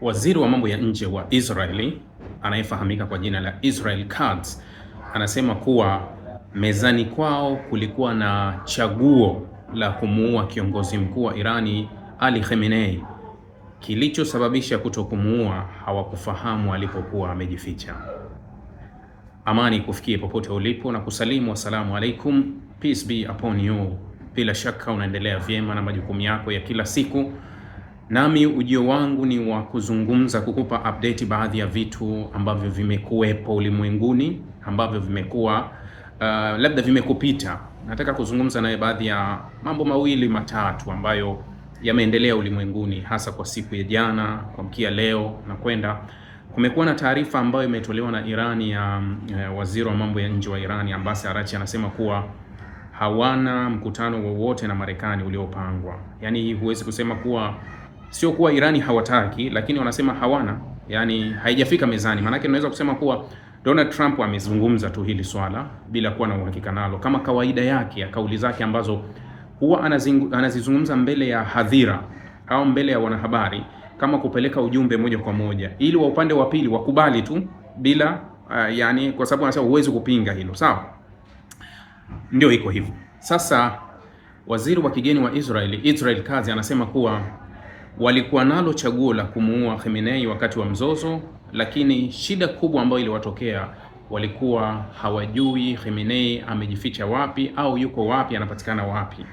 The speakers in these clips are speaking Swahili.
Waziri wa mambo ya nje wa Israeli anayefahamika kwa jina la Israel Katz anasema kuwa mezani kwao kulikuwa na chaguo la kumuua kiongozi mkuu wa Irani Ali Khamenei. Kilichosababisha kutokumuua hawakufahamu alipokuwa amejificha. Amani kufikie popote ulipo na kusalimu, assalamu alaikum, peace be upon you. Bila shaka unaendelea vyema na majukumu yako ya kila siku nami ujio wangu ni wa kuzungumza, kukupa update baadhi ya vitu ambavyo vimekuwepo ulimwenguni, ambavyo vimekuwa uh, labda vimekupita. Nataka kuzungumza naye baadhi ya mambo mawili matatu ambayo yameendelea ulimwenguni, hasa kwa siku ya jana kuamkia leo na kwenda kumekuwa na taarifa ambayo imetolewa na Irani ya uh, waziri wa mambo ya nje wa Irani Abbas Arachi anasema kuwa hawana mkutano wowote na Marekani uliopangwa. Yaani huwezi kusema kuwa sio kuwa Irani hawataki, lakini wanasema hawana, yani haijafika mezani. Maanake naweza kusema kuwa Donald Trump amezungumza tu hili swala bila kuwa na uhakika nalo, kama kawaida yake ya kauli zake ambazo huwa anazizungumza mbele ya hadhira au mbele ya wanahabari, kama kupeleka ujumbe moja kwa moja, ili wa upande wa pili wakubali tu bila uh, yani, kwa sababu anasema huwezi kupinga hilo. Sawa, ndio iko hivyo. Sasa waziri wa kigeni wa Israeli Israel Katz anasema kuwa walikuwa nalo chaguo la kumuua Khamenei wakati wa mzozo, lakini shida kubwa ambayo iliwatokea walikuwa hawajui Khamenei amejificha wapi au yuko wapi, anapatikana wapi.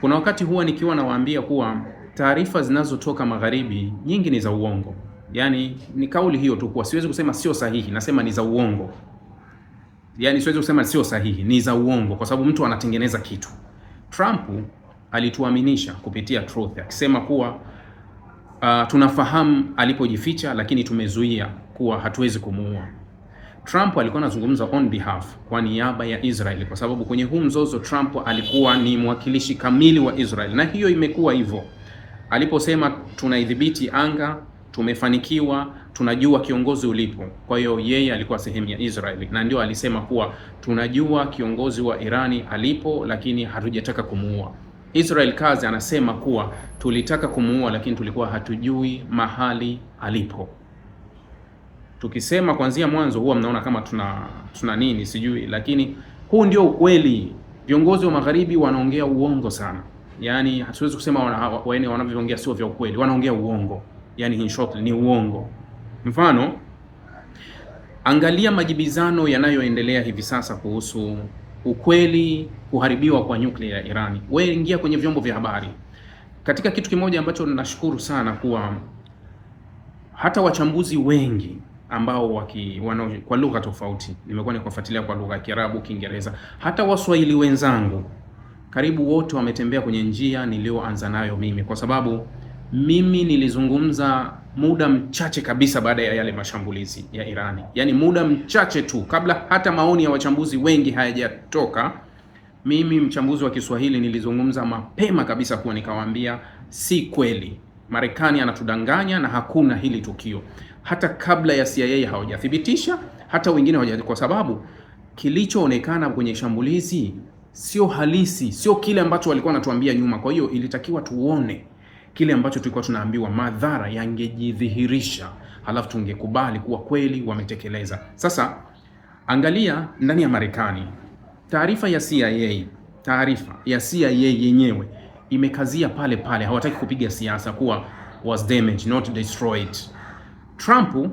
Kuna wakati huwa nikiwa nawaambia kuwa taarifa zinazotoka magharibi nyingi ni za uongo, yaani ni kauli hiyo tu, kuwa siwezi kusema sio sahihi, nasema ni za uongo. Yaani siwezi kusema sio sahihi, ni za uongo, kwa sababu mtu anatengeneza kitu. Trump alituaminisha kupitia truth akisema kuwa uh, tunafahamu alipojificha, lakini tumezuia kuwa hatuwezi kumuua. Trump alikuwa anazungumza on behalf, kwa niaba ya Israel, kwa sababu kwenye huu mzozo Trump alikuwa ni mwakilishi kamili wa Israel, na hiyo imekuwa hivyo. Aliposema tunaidhibiti anga, tumefanikiwa, tunajua kiongozi ulipo. Kwa hiyo yeye alikuwa sehemu ya Israel, na ndio alisema kuwa tunajua kiongozi wa Irani alipo, lakini hatujataka kumuua. Israel kazi anasema kuwa tulitaka kumuua, lakini tulikuwa hatujui mahali alipo. Tukisema kuanzia mwanzo huwa mnaona kama tuna tuna nini sijui, lakini huu ndio ukweli. Viongozi wa magharibi wanaongea uongo sana, yaani hatuwezi kusema wana, wanavyoongea sio vya ukweli, wanaongea uongo, yaani in short ni uongo. Mfano, angalia majibizano yanayoendelea hivi sasa kuhusu ukweli kuharibiwa kwa nyuklia ya Irani. Wewe ingia kwenye vyombo vya habari. Katika kitu kimoja ambacho nashukuru sana kuwa hata wachambuzi wengi ambao waki, wano, kwa lugha tofauti nimekuwa nikiwafuatilia kwa lugha ya Kiarabu, Kiingereza, hata Waswahili wenzangu karibu wote wametembea kwenye njia niliyoanza nayo mimi, kwa sababu mimi nilizungumza muda mchache kabisa baada ya yale mashambulizi ya Irani, yaani muda mchache tu kabla hata maoni ya wachambuzi wengi hayajatoka. Mimi mchambuzi wa Kiswahili nilizungumza mapema kabisa kuwa nikawaambia, si kweli, Marekani anatudanganya na hakuna hili tukio, hata kabla ya CIA hawajathibitisha, hata wengine hawaja, kwa sababu kilichoonekana kwenye shambulizi sio halisi, sio kile ambacho walikuwa wanatuambia nyuma. Kwa hiyo ilitakiwa tuone kile ambacho tulikuwa tunaambiwa madhara yangejidhihirisha, halafu tungekubali kuwa kweli wametekeleza. Sasa angalia ndani ya Marekani, taarifa ya CIA, taarifa ya CIA yenyewe imekazia pale pale, hawataki kupiga siasa, kuwa was damaged not destroyed. Trump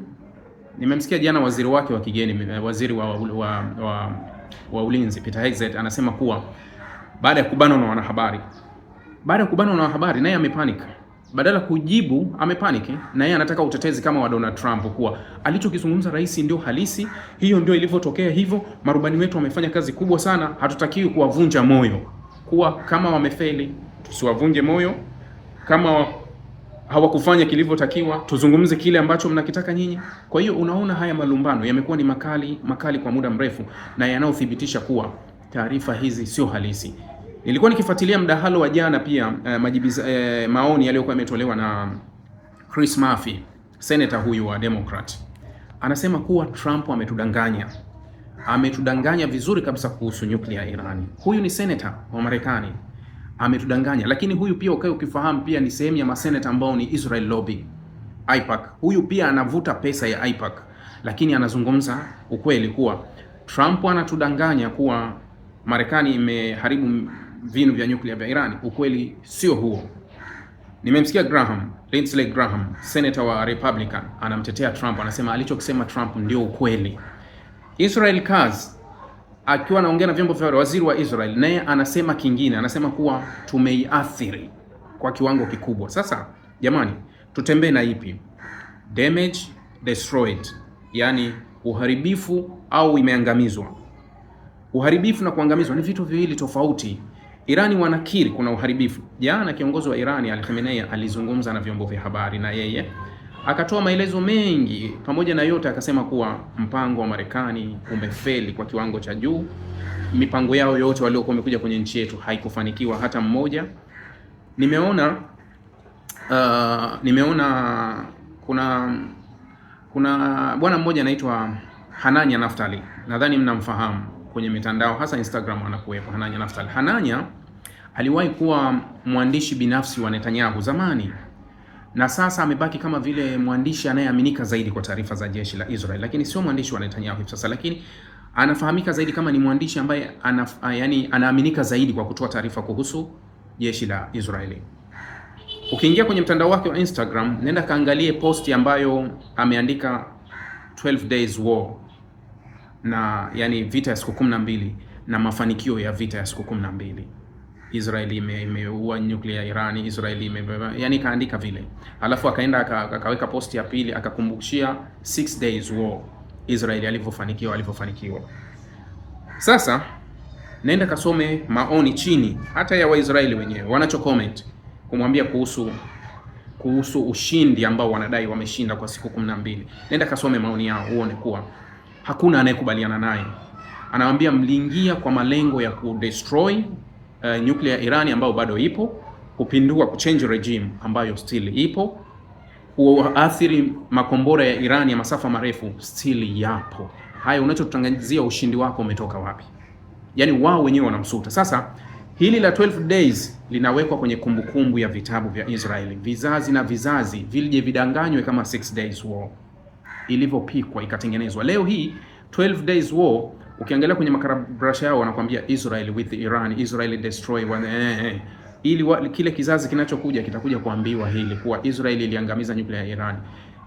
nimemsikia jana waziri wake wa kigeni, waziri wa, wa, wa, wa ulinzi Peter Hegseth anasema kuwa baada ya kubanwa na wanahabari baada ya kubanwa na wanahabari, naye amepanic badala kujibu amepaniki na yeye anataka utetezi kama wa Donald Trump kuwa alichokizungumza rais ndio halisi, hiyo ndio ilivyotokea hivyo. Marubani wetu wamefanya kazi kubwa sana, hatutakiwi kuwavunja moyo. Kuwa kama wamefeli tusiwavunje moyo, kama hawakufanya kilivyotakiwa tuzungumze kile ambacho mnakitaka nyinyi. Kwa hiyo unaona, haya malumbano yamekuwa ni makali makali kwa muda mrefu, na yanayothibitisha kuwa taarifa hizi sio halisi. Nilikuwa nikifuatilia mdahalo wa jana pia eh, majibiza, eh, maoni yaliyokuwa yametolewa na Chris Murphy, senator huyu wa Democrat. Anasema kuwa Trump ametudanganya. Ametudanganya vizuri kabisa kuhusu nyuklia ya iran Huyu ni senator wa Marekani. Ametudanganya, lakini huyu pia ukae ukifahamu pia ni sehemu ya maseneta ambao ni Israel lobby. AIPAC. Huyu pia anavuta pesa ya AIPAC, lakini anazungumza ukweli kuwa Trump anatudanganya kuwa Marekani imeharibu vinu vya nyuklia vya Irani. Ukweli sio huo. Nimemsikia Graham, Lindsey Graham, senator wa Republican, anamtetea Trump, anasema alichokisema Trump ndio ukweli. Israel Katz akiwa anaongea na vyombo vya waziri wa Israel naye anasema kingine, anasema kuwa tumeiathiri kwa kiwango kikubwa. Sasa jamani, tutembee na ipi? Damage destroyed, yani uharibifu au imeangamizwa. Uharibifu na kuangamizwa ni vitu viwili tofauti. Irani wanakiri kuna uharibifu. Jana kiongozi wa Irani Al Khamenei alizungumza na vyombo vya habari na yeye akatoa maelezo mengi, pamoja na yote akasema kuwa mpango wa Marekani umefeli kwa kiwango cha juu. Mipango yao yote waliokuwa wamekuja kwenye nchi yetu haikufanikiwa hata mmoja. Nimeona uh, nimeona kuna kuna bwana mmoja anaitwa Hanania Naftali, nadhani mnamfahamu kwenye mitandao hasa Instagram anakuwepo Hananya Naftal. Hananya aliwahi kuwa mwandishi binafsi wa Netanyahu zamani na sasa amebaki kama vile mwandishi anayeaminika zaidi kwa taarifa za jeshi la Israel, lakini sio mwandishi wa Netanyahu hivi sasa, lakini anafahamika zaidi kama ni mwandishi ambaye ana, yani, anaaminika zaidi kwa kutoa taarifa kuhusu jeshi la Israeli. Ukiingia kwenye mtandao wake wa Instagram, nenda kaangalie posti ambayo ameandika 12 days war na yani vita ya siku kumi na mbili na mafanikio ya vita ya siku kumi na mbili Israeli imeua ime nyuklia ya Irani, Israeli ime yani kaandika vile, alafu akaenda akaweka posti ya pili akakumbushia six days war Israeli alivyofanikiwa alivyofanikiwa. Sasa naenda kasome maoni chini hata ya Waisraeli wenyewe wanacho comment kumwambia kuhusu kuhusu ushindi ambao wanadai wameshinda kwa siku kumi na mbili. Nenda kasome maoni yao uone kuwa hakuna anayekubaliana naye. Anawaambia mliingia kwa malengo ya kudestroy uh, eh, nuclear Iran ambayo bado ipo, kupindua kuchange regime ambayo still ipo, kuathiri makombora ya iran ya masafa marefu still yapo. Hayo unachotangazia ushindi wako umetoka wapi? Yaani wao wenyewe wanamsuta. Sasa hili la 12 days linawekwa kwenye kumbukumbu ya vitabu vya Israeli, vizazi na vizazi vilije vidanganywe kama 6 days war ilivyopikwa ikatengenezwa. Leo hii 12 days war ukiangalia kwenye makarabrasha yao wanakuambia Israel with Iran, Israel destroy one, eh, eh, eh. Ili wa, kile kizazi kinachokuja kitakuja kuambiwa hili kuwa Israel iliangamiza nyuklia ya Iran.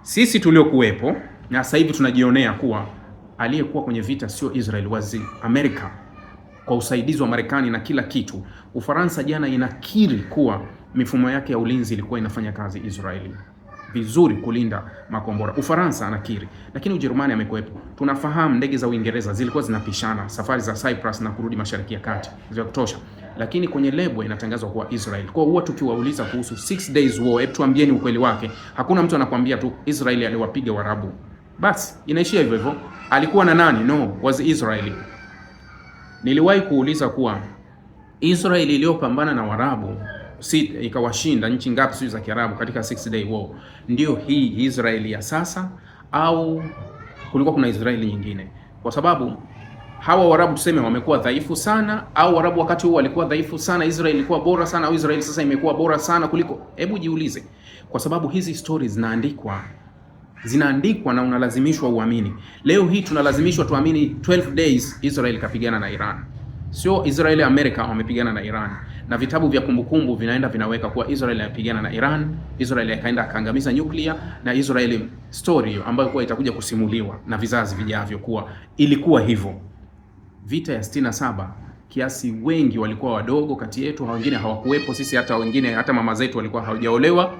Sisi tuliokuwepo na sasa hivi tunajionea kuwa aliyekuwa kwenye vita sio Israel, wazi Amerika kwa usaidizi wa Marekani na kila kitu. Ufaransa jana inakiri kuwa mifumo yake ya ulinzi ilikuwa inafanya kazi Israeli vizuri kulinda makombora. Ufaransa anakiri, lakini Ujerumani amekwepo. Tunafahamu ndege za Uingereza zilikuwa zinapishana safari za Cyprus na kurudi Mashariki ya Kati vya kutosha, lakini kwenye lebo inatangazwa kuwa Israel. Kwa huwa tukiwauliza kuhusu six days war, hebu tuambieni ukweli wake, hakuna mtu anakuambia tu Israel aliwapiga Waarabu, basi inaishia hivyo hivyo. Alikuwa na nani? No, was Israeli. Niliwahi kuuliza kuwa Israel iliyopambana na Waarabu sita, ikawashinda nchi ngapi sio za Kiarabu katika Six Day War. Ndio hii Israeli ya sasa au kulikuwa kuna Israeli nyingine? Kwa sababu hawa Waarabu tuseme wamekuwa dhaifu sana, au Waarabu wakati huo walikuwa dhaifu sana, Israeli ilikuwa bora sana, au Israeli sasa imekuwa bora sana kuliko? Hebu jiulize, kwa sababu hizi stories zinaandikwa zinaandikwa na unalazimishwa uamini. Leo hii tunalazimishwa tuamini 12 days Israel kapigana na Iran sio Israeli Amerika wamepigana na Iran, na vitabu vya kumbukumbu vinaenda vinaweka kuwa Israeli yapigana na Iran, Israeli akaenda akaangamiza nyuklia, na Israeli story ambayo kuwa itakuja kusimuliwa na vizazi vijavyo kuwa ilikuwa hivyo. Vita ya sitini saba kiasi wengi walikuwa wadogo kati yetu, wengine hawakuwepo. Sisi hata wengine hata mama zetu walikuwa hawajaolewa,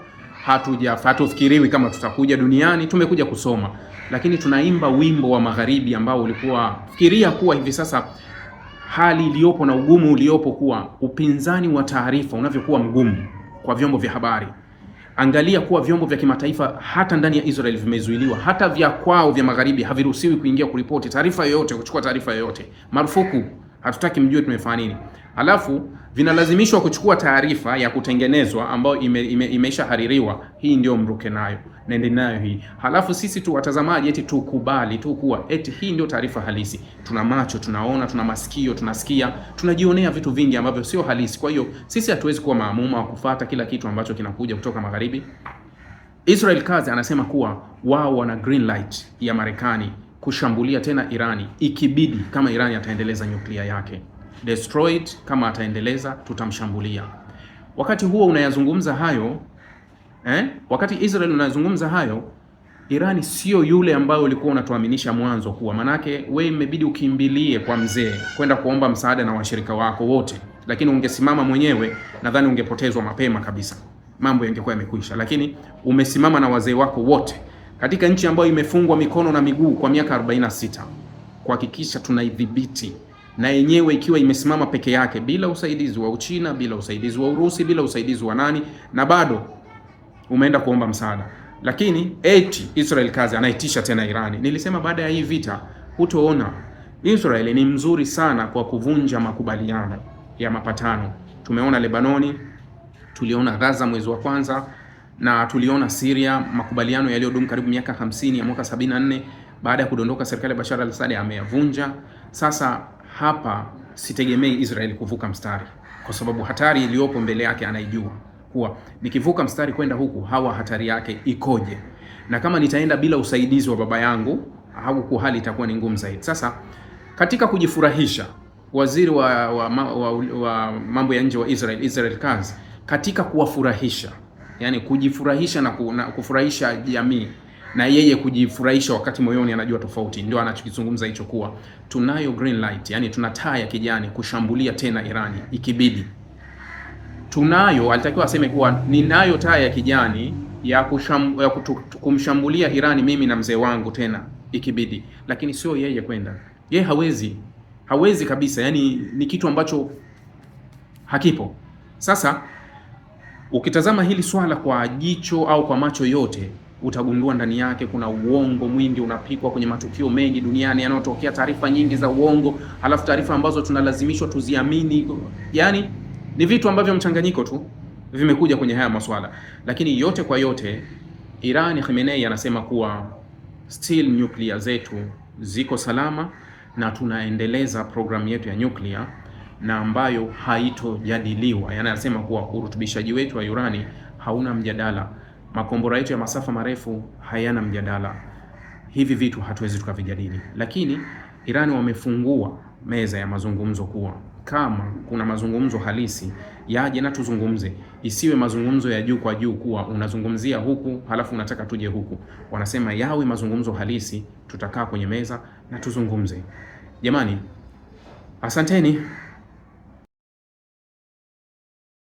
hatuja hatufikiriwi kama tutakuja duniani, tumekuja kusoma, lakini tunaimba wimbo wa magharibi ambao ulikuwa fikiria kuwa hivi sasa hali iliyopo na ugumu uliopo kuwa upinzani wa taarifa unavyokuwa mgumu kwa vyombo vya habari. Angalia kuwa vyombo vya kimataifa hata ndani ya Israel vimezuiliwa, hata vya kwao vya magharibi haviruhusiwi kuingia kuripoti taarifa yoyote, kuchukua taarifa yoyote, marufuku, hatutaki mjue tumefanya nini. Alafu vinalazimishwa kuchukua taarifa ya kutengenezwa ambayo ime, ime, imeisha haririwa. Hii ndio mruke nayo naende nayo hii. Halafu sisi tu watazamaji eti tukubali tu kuwa eti hii ndio taarifa halisi. Tuna macho, tunaona, tuna masikio, tunasikia, tunajionea vitu vingi ambavyo sio halisi. Kwa hiyo sisi hatuwezi kuwa maamuma wa kufuata kila kitu ambacho kinakuja kutoka magharibi. Israel Katz anasema kuwa wao wana green light ya Marekani kushambulia tena Irani ikibidi, kama Irani ataendeleza nyuklia yake destroyed, kama ataendeleza tutamshambulia. Wakati huo unayazungumza hayo eh? Wakati Israel unazungumza hayo, Irani sio yule ambayo ulikuwa unatuaminisha mwanzo kuwa, manake we imebidi ukimbilie kwa mzee kwenda kuomba msaada na washirika wako wote, lakini ungesimama mwenyewe, nadhani ungepotezwa mapema kabisa, mambo yangekuwa yamekwisha. Lakini umesimama na wazee wako wote katika nchi ambayo imefungwa mikono na miguu kwa miaka 46 kuhakikisha tunaidhibiti na yenyewe ikiwa imesimama peke yake bila usaidizi wa Uchina, bila usaidizi wa Urusi, bila usaidizi wa nani, na bado umeenda kuomba msaada, lakini eti Israel kazi anaitisha tena Irani. Nilisema baada ya hii vita hutoona Israel ni mzuri sana kwa kuvunja makubaliano ya mapatano. Tumeona Lebanoni, tuliona Gaza mwezi wa kwanza, na tuliona Syria, makubaliano yaliyodumu karibu miaka 50 ya mwaka 74 baada ya kudondoka serikali ya Bashar al-Assad ameyavunja. Sasa hapa sitegemei Israel kuvuka mstari, kwa sababu hatari iliyopo mbele yake anaijua kuwa nikivuka mstari kwenda huku, hawa hatari yake ikoje, na kama nitaenda bila usaidizi wa baba yangu kwa hali itakuwa ni ngumu zaidi. Sasa katika kujifurahisha, waziri wa, wa, wa, wa mambo ya nje wa Israel Israel Katz katika kuwafurahisha, yani kujifurahisha na, ku, na kufurahisha jamii na yeye kujifurahisha wakati moyoni anajua tofauti, ndio anachokizungumza hicho, kuwa tunayo green light, yani tuna taa ya kijani kushambulia tena Irani ikibidi tunayo, alitakiwa aseme kuwa ninayo taa ya kijani ya, kusham, ya kutu, kumshambulia Irani mimi na mzee wangu tena ikibidi, lakini sio yeye kwenda. Yeye hawezi hawezi kabisa, yani ni kitu ambacho hakipo. Sasa ukitazama hili swala kwa jicho au kwa macho yote utagundua ndani yake kuna uongo mwingi unapikwa kwenye matukio mengi duniani yanayotokea, taarifa nyingi za uongo, halafu taarifa ambazo tunalazimishwa tuziamini, yani ni vitu ambavyo mchanganyiko tu vimekuja kwenye haya maswala, lakini yote kwa yote Iran, Khamenei anasema kuwa still nyuklia zetu ziko salama na tunaendeleza programu yetu ya nyuklia na ambayo haitojadiliwa. Yani anasema kuwa urutubishaji wetu wa urani hauna mjadala, makombora yetu ya masafa marefu hayana mjadala, hivi vitu hatuwezi tukavijadili. Lakini Iran wamefungua meza ya mazungumzo kuwa kama kuna mazungumzo halisi yaje na tuzungumze, isiwe mazungumzo ya juu kwa juu, kuwa unazungumzia huku halafu unataka tuje huku. Wanasema yawe mazungumzo halisi, tutakaa kwenye meza na tuzungumze. Jamani, asanteni.